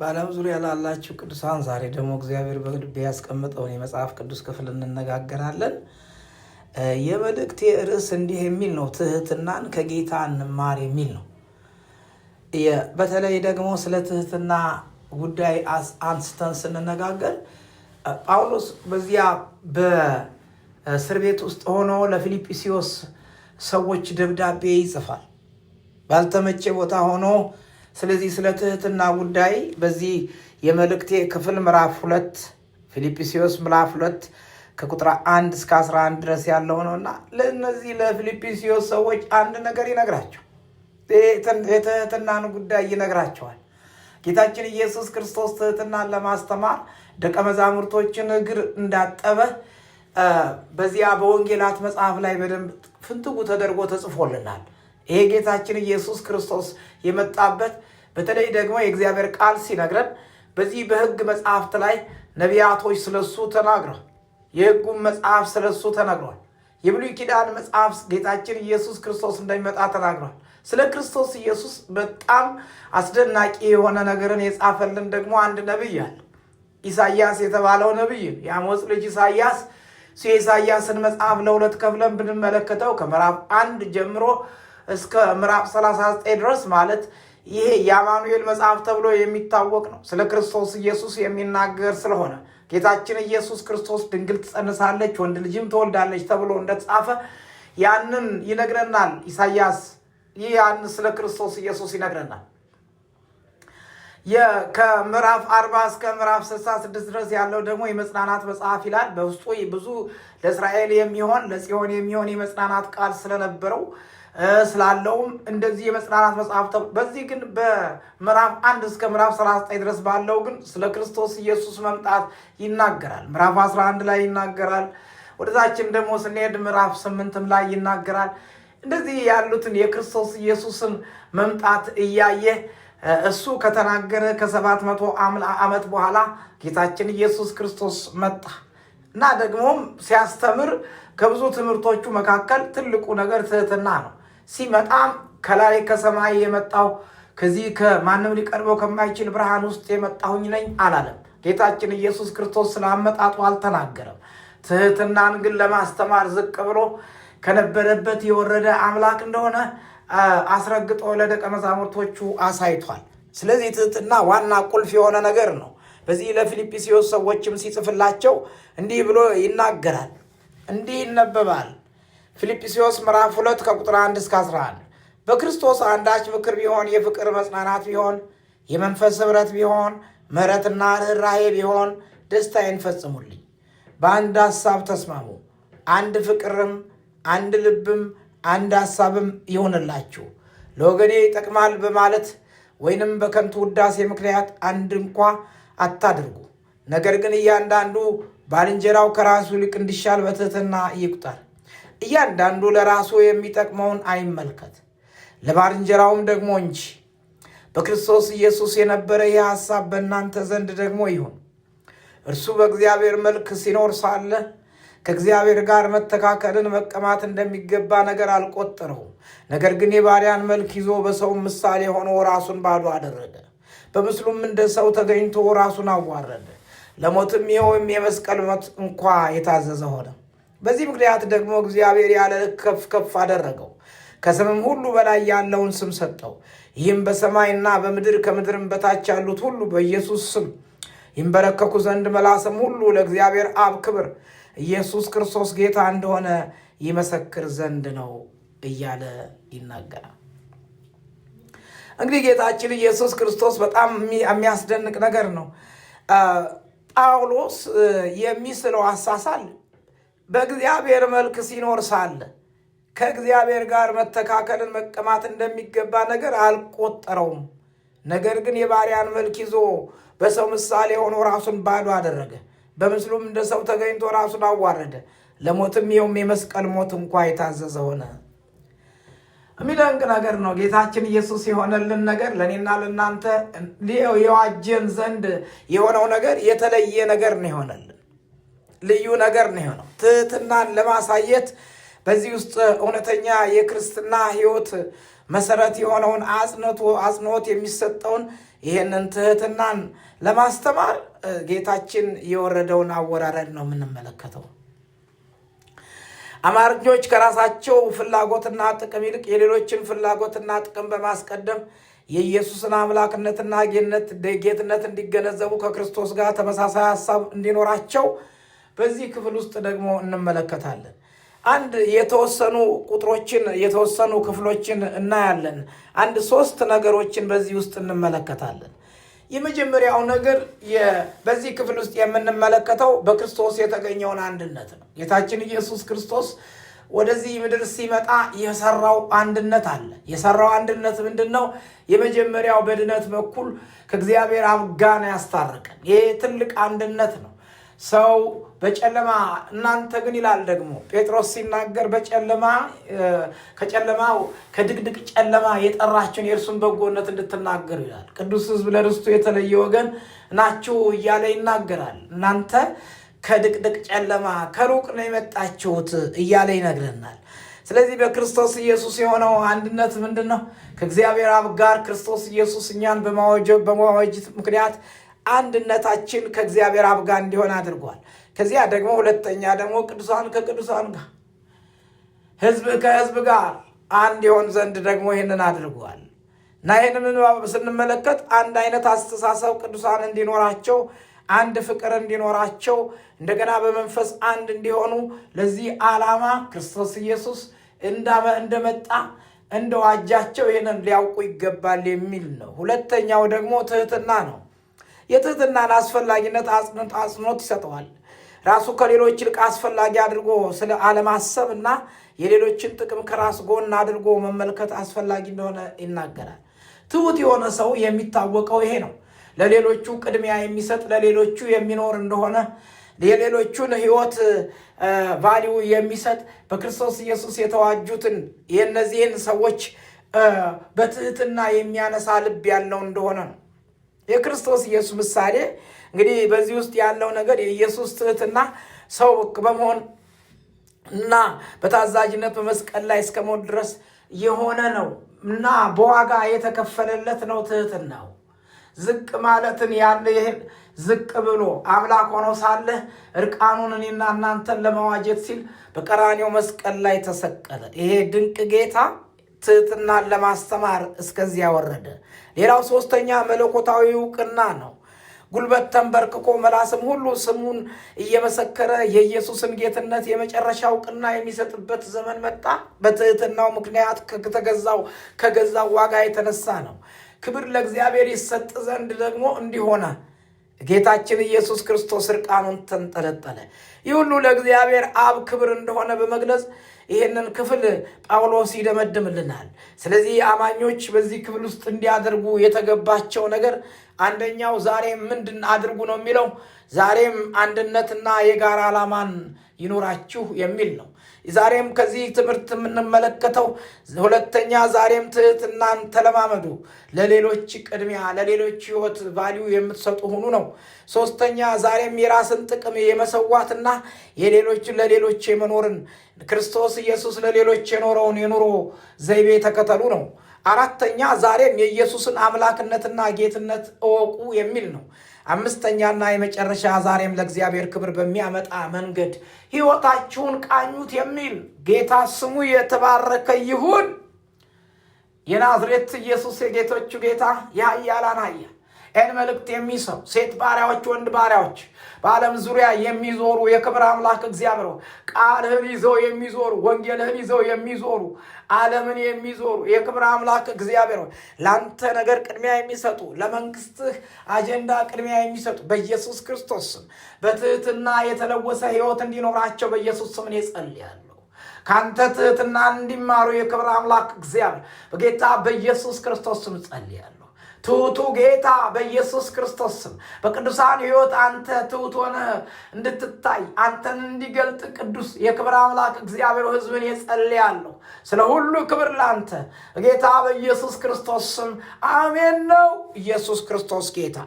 በዓለም ዙሪያ ላላችሁ ቅዱሳን ዛሬ ደግሞ እግዚአብሔር በልቤ ያስቀመጠውን የመጽሐፍ ቅዱስ ክፍል እንነጋገራለን። የመልእክቴ ርዕስ እንዲህ የሚል ነው፣ ትህትናን ከጌታ እንማር የሚል ነው። በተለይ ደግሞ ስለ ትህትና ጉዳይ አንስተን ስንነጋገር ጳውሎስ በዚያ በእስር ቤት ውስጥ ሆኖ ለፊልጵስዩስ ሰዎች ደብዳቤ ይጽፋል። ባልተመቼ ቦታ ሆኖ ስለዚህ ስለ ትህትና ጉዳይ በዚህ የመልእክቴ ክፍል ምዕራፍ ሁለት ፊልጵስዩስ ምዕራፍ ሁለት ከቁጥር አንድ እስከ 11 ድረስ ያለው ነው እና ለእነዚህ ለፊልጵስዩስ ሰዎች አንድ ነገር ይነግራቸው የትህትናን ጉዳይ ይነግራቸዋል። ጌታችን ኢየሱስ ክርስቶስ ትህትናን ለማስተማር ደቀ መዛሙርቶችን እግር እንዳጠበ በዚያ በወንጌላት መጽሐፍ ላይ በደንብ ፍንትጉ ተደርጎ ተጽፎልናል። ይሄ ጌታችን ኢየሱስ ክርስቶስ የመጣበት በተለይ ደግሞ የእግዚአብሔር ቃል ሲነግረን በዚህ በሕግ መጽሐፍት ላይ ነቢያቶች ስለሱ ተናግረዋል። የሕጉም መጽሐፍ ስለሱ ተነግሯል። የብሉይ ኪዳን መጽሐፍ ጌታችን ኢየሱስ ክርስቶስ እንደሚመጣ ተናግሯል። ስለ ክርስቶስ ኢየሱስ በጣም አስደናቂ የሆነ ነገርን የጻፈልን ደግሞ አንድ ነቢይ አለ። ኢሳያስ የተባለው ነቢይ የአሞጽ ልጅ ኢሳያስ ኢሳያስን መጽሐፍ ለሁለት ከፍለን ብንመለከተው ከምዕራፍ አንድ ጀምሮ እስከ ምዕራፍ 39 ድረስ ማለት ይሄ የአማኑኤል መጽሐፍ ተብሎ የሚታወቅ ነው። ስለ ክርስቶስ ኢየሱስ የሚናገር ስለሆነ ጌታችን ኢየሱስ ክርስቶስ ድንግል ትጸንሳለች፣ ወንድ ልጅም ትወልዳለች ተብሎ እንደተጻፈ ያንን ይነግረናል ኢሳያስ። ይህ ያን ስለ ክርስቶስ ኢየሱስ ይነግረናል። ከምዕራፍ አርባ እስከ ምዕራፍ ስድስት ድረስ ያለው ደግሞ የመጽናናት መጽሐፍ ይላል። በውስጡ ብዙ ለእስራኤል የሚሆን ለጽዮን የሚሆን የመጽናናት ቃል ስለነበረው ስላለውም እንደዚህ የመጽናናት መጽሐፍ በዚህ ግን በምዕራፍ አንድ እስከ ምዕራፍ 39 ድረስ ባለው ግን ስለ ክርስቶስ ኢየሱስ መምጣት ይናገራል። ምዕራፍ 11 ላይ ይናገራል። ወደታችን ደግሞ ስንሄድ ምዕራፍ ስምንትም ላይ ይናገራል። እንደዚህ ያሉትን የክርስቶስ ኢየሱስን መምጣት እያየ እሱ ከተናገረ ከሰባት መቶ ዓመት በኋላ ጌታችን ኢየሱስ ክርስቶስ መጣ እና ደግሞም ሲያስተምር ከብዙ ትምህርቶቹ መካከል ትልቁ ነገር ትህትና ነው። ሲመጣም ከላይ ከሰማይ የመጣው ከዚህ ከማንም ሊቀርበው ከማይችል ብርሃን ውስጥ የመጣሁኝ ነኝ አላለም። ጌታችን ኢየሱስ ክርስቶስ ስለአመጣጡ አልተናገረም። ትህትናን ግን ለማስተማር ዝቅ ብሎ ከነበረበት የወረደ አምላክ እንደሆነ አስረግጦ ለደቀ መዛሙርቶቹ አሳይቷል። ስለዚህ ትህትና ዋና ቁልፍ የሆነ ነገር ነው። በዚህ ለፊልጵስዩስ ሰዎችም ሲጽፍላቸው እንዲህ ብሎ ይናገራል፣ እንዲህ ይነበባል ፊልጵስዎስ ምዕራፍ 2 ከቁጥር 1 እስከ 11 በክርስቶስ አንዳች ምክር ቢሆን የፍቅር መጽናናት ቢሆን የመንፈስ ኅብረት ቢሆን ምሕረትና ርኅራሄ ቢሆን ደስታዬን ፈጽሙልኝ። በአንድ ሐሳብ ተስማሙ፣ አንድ ፍቅርም፣ አንድ ልብም፣ አንድ ሐሳብም ይሆንላችሁ። ለወገኔ ይጠቅማል በማለት ወይንም በከንቱ ውዳሴ ምክንያት አንድ እንኳ አታድርጉ። ነገር ግን እያንዳንዱ ባልንጀራው ከራሱ ይልቅ እንዲሻል በትህትና ይቁጠር። እያንዳንዱ ለራሱ የሚጠቅመውን አይመልከት፣ ለባልንጀራውም ደግሞ እንጂ። በክርስቶስ ኢየሱስ የነበረ ይህ ሐሳብ በእናንተ ዘንድ ደግሞ ይሁን። እርሱ በእግዚአብሔር መልክ ሲኖር ሳለ ከእግዚአብሔር ጋር መተካከልን መቀማት እንደሚገባ ነገር አልቆጠረውም። ነገር ግን የባሪያን መልክ ይዞ በሰው ምሳሌ ሆኖ ራሱን ባዶ አደረገ። በምስሉም እንደ ሰው ተገኝቶ ራሱን አዋረደ፣ ለሞትም ይኸውም የመስቀል ሞት እንኳ የታዘዘ ሆነ። በዚህ ምክንያት ደግሞ እግዚአብሔር ያለ ከፍ ከፍ አደረገው፣ ከስምም ሁሉ በላይ ያለውን ስም ሰጠው። ይህም በሰማይና በምድር ከምድርም በታች ያሉት ሁሉ በኢየሱስ ስም ይንበረከኩ ዘንድ መላስም ሁሉ ለእግዚአብሔር አብ ክብር ኢየሱስ ክርስቶስ ጌታ እንደሆነ ይመሰክር ዘንድ ነው እያለ ይናገራል። እንግዲህ ጌታችን ኢየሱስ ክርስቶስ በጣም የሚያስደንቅ ነገር ነው። ጳውሎስ የሚስለው አሳሳል በእግዚአብሔር መልክ ሲኖር ሳለ ከእግዚአብሔር ጋር መተካከልን መቀማት እንደሚገባ ነገር አልቆጠረውም። ነገር ግን የባሪያን መልክ ይዞ በሰው ምሳሌ ሆኖ ራሱን ባዶ አደረገ። በምስሉም እንደ ሰው ተገኝቶ ራሱን አዋረደ፣ ለሞትም ይኸውም የመስቀል ሞት እንኳ የታዘዘ ሆነ። የሚደንቅ ነገር ነው። ጌታችን ኢየሱስ የሆነልን ነገር ለእኔና ለእናንተ የዋጀን ዘንድ የሆነው ነገር የተለየ ነገር ነው የሆነልን ልዩ ነገር ነው የሆነው። ትህትናን ለማሳየት በዚህ ውስጥ እውነተኛ የክርስትና ህይወት መሰረት የሆነውን አጽንቶ አጽንኦት የሚሰጠውን ይህንን ትህትናን ለማስተማር ጌታችን የወረደውን አወራረድ ነው የምንመለከተው። አማርኞች ከራሳቸው ፍላጎትና ጥቅም ይልቅ የሌሎችን ፍላጎትና ጥቅም በማስቀደም የኢየሱስን አምላክነትና ጌትነት እንዲገነዘቡ ከክርስቶስ ጋር ተመሳሳይ ሀሳብ እንዲኖራቸው በዚህ ክፍል ውስጥ ደግሞ እንመለከታለን። አንድ የተወሰኑ ቁጥሮችን የተወሰኑ ክፍሎችን እናያለን። አንድ ሶስት ነገሮችን በዚህ ውስጥ እንመለከታለን። የመጀመሪያው ነገር በዚህ ክፍል ውስጥ የምንመለከተው በክርስቶስ የተገኘውን አንድነት ነው። ጌታችን ኢየሱስ ክርስቶስ ወደዚህ ምድር ሲመጣ የሰራው አንድነት አለ። የሰራው አንድነት ምንድን ነው? የመጀመሪያው በድነት በኩል ከእግዚአብሔር አብ ጋር ያስታረቀን። ይህ ትልቅ አንድነት ነው። ሰው በጨለማ እናንተ ግን ይላል ደግሞ ጴጥሮስ ሲናገር በጨለማ ከጨለማ ከድቅድቅ ጨለማ የጠራችሁን የእርሱን በጎነት እንድትናገሩ ይላል። ቅዱስ ሕዝብ ለርስቱ የተለየ ወገን ናችሁ እያለ ይናገራል። እናንተ ከድቅድቅ ጨለማ ከሩቅ ነው የመጣችሁት እያለ ይነግረናል። ስለዚህ በክርስቶስ ኢየሱስ የሆነው አንድነት ምንድን ነው? ከእግዚአብሔር አብ ጋር ክርስቶስ ኢየሱስ እኛን በማወጅት ምክንያት አንድነታችን ከእግዚአብሔር አብ ጋር እንዲሆን አድርጓል። ከዚያ ደግሞ ሁለተኛ ደግሞ ቅዱሳን ከቅዱሳን ጋር፣ ህዝብ ከህዝብ ጋር አንድ ይሆን ዘንድ ደግሞ ይህንን አድርጓል እና ይህንን ስንመለከት አንድ አይነት አስተሳሰብ ቅዱሳን እንዲኖራቸው አንድ ፍቅር እንዲኖራቸው እንደገና በመንፈስ አንድ እንዲሆኑ ለዚህ ዓላማ ክርስቶስ ኢየሱስ እንደመጣ እንደዋጃቸው ይህንን ሊያውቁ ይገባል የሚል ነው። ሁለተኛው ደግሞ ትህትና ነው። የትህትናን አስፈላጊነት አጽንኦት ይሰጠዋል። ራሱ ከሌሎች ይልቅ አስፈላጊ አድርጎ ስለ አለማሰብ እና የሌሎችን ጥቅም ከራስ ጎን አድርጎ መመልከት አስፈላጊ እንደሆነ ይናገራል። ትሁት የሆነ ሰው የሚታወቀው ይሄ ነው። ለሌሎቹ ቅድሚያ የሚሰጥ ለሌሎቹ የሚኖር እንደሆነ የሌሎቹን ሕይወት ቫሊዩ የሚሰጥ በክርስቶስ ኢየሱስ የተዋጁትን የእነዚህን ሰዎች በትህትና የሚያነሳ ልብ ያለው እንደሆነ ነው። የክርስቶስ ኢየሱስ ምሳሌ እንግዲህ በዚህ ውስጥ ያለው ነገር የኢየሱስ ትህትና ሰው በመሆን እና በታዛዥነት በመስቀል ላይ እስከ ድረስ የሆነ ነው እና በዋጋ የተከፈለለት ነው ትህትናው። ዝቅ ማለትን ያለ ይህን ዝቅ ብሎ አምላክ ሆኖ ሳለ እርቃኑን እኔና እናንተን ለመዋጀት ሲል በቀራኔው መስቀል ላይ ተሰቀለ። ይሄ ድንቅ ጌታ ትህትናን ለማስተማር እስከዚያ ወረደ። ሌላው ሶስተኛ መለኮታዊ እውቅና ነው። ጉልበት ተንበርክኮ መላስም ሁሉ ስሙን እየመሰከረ የኢየሱስን ጌትነት የመጨረሻ እውቅና የሚሰጥበት ዘመን መጣ። በትህትናው ምክንያት ከተገዛው ከገዛው ዋጋ የተነሳ ነው። ክብር ለእግዚአብሔር ይሰጥ ዘንድ ደግሞ እንዲሆነ ጌታችን ኢየሱስ ክርስቶስ እርቃኑን ተንጠለጠለ። ይህ ሁሉ ለእግዚአብሔር አብ ክብር እንደሆነ በመግለጽ ይህንን ክፍል ጳውሎስ ይደመድምልናል። ስለዚህ አማኞች በዚህ ክፍል ውስጥ እንዲያደርጉ የተገባቸው ነገር አንደኛው ዛሬም ምንድን አድርጉ ነው የሚለው ዛሬም አንድነትና የጋራ ዓላማን ይኑራችሁ የሚል ነው። ዛሬም ከዚህ ትምህርት የምንመለከተው ሁለተኛ፣ ዛሬም ትህትናን ተለማመዱ። ለሌሎች ቅድሚያ፣ ለሌሎች ህይወት ቫሊዩ የምትሰጡ ሁኑ ነው። ሶስተኛ፣ ዛሬም የራስን ጥቅም የመሰዋትና የሌሎችን ለሌሎች የመኖርን ክርስቶስ ኢየሱስ ለሌሎች የኖረውን የኑሮ ዘይቤ ተከተሉ ነው። አራተኛ፣ ዛሬም የኢየሱስን አምላክነትና ጌትነት እወቁ የሚል ነው። አምስተኛና የመጨረሻ ዛሬም ለእግዚአብሔር ክብር በሚያመጣ መንገድ ሕይወታችሁን ቃኙት የሚል ጌታ ስሙ የተባረከ ይሁን። የናዝሬት ኢየሱስ የጌቶቹ ጌታ የኃያላን ይህን መልእክት የሚሰው ሴት ባሪያዎች፣ ወንድ ባሪያዎች በዓለም ዙሪያ የሚዞሩ የክብር አምላክ እግዚአብሔር ቃልህን ይዘው የሚዞሩ ወንጌልህን ይዘው የሚዞሩ ዓለምን የሚዞሩ የክብር አምላክ እግዚአብሔር ለአንተ ነገር ቅድሚያ የሚሰጡ ለመንግስትህ አጀንዳ ቅድሚያ የሚሰጡ በኢየሱስ ክርስቶስ ስም በትህትና የተለወሰ ህይወት እንዲኖራቸው በኢየሱስ ስም እጸልያለሁ። ከአንተ ትህትና እንዲማሩ የክብር አምላክ እግዚአብሔር በጌታ በኢየሱስ ክርስቶስ ስም እጸልያለሁ። ትሑቱ ጌታ በኢየሱስ ክርስቶስ ስም በቅዱሳን ሕይወት አንተ ትሑት ሆነህ እንድትታይ አንተን እንዲገልጥ ቅዱስ የክብር አምላክ እግዚአብሔር ሕዝብን የጸልያለሁ። ስለ ሁሉ ክብር ላንተ ጌታ በኢየሱስ ክርስቶስ ስም አሜን። ነው ኢየሱስ ክርስቶስ ጌታ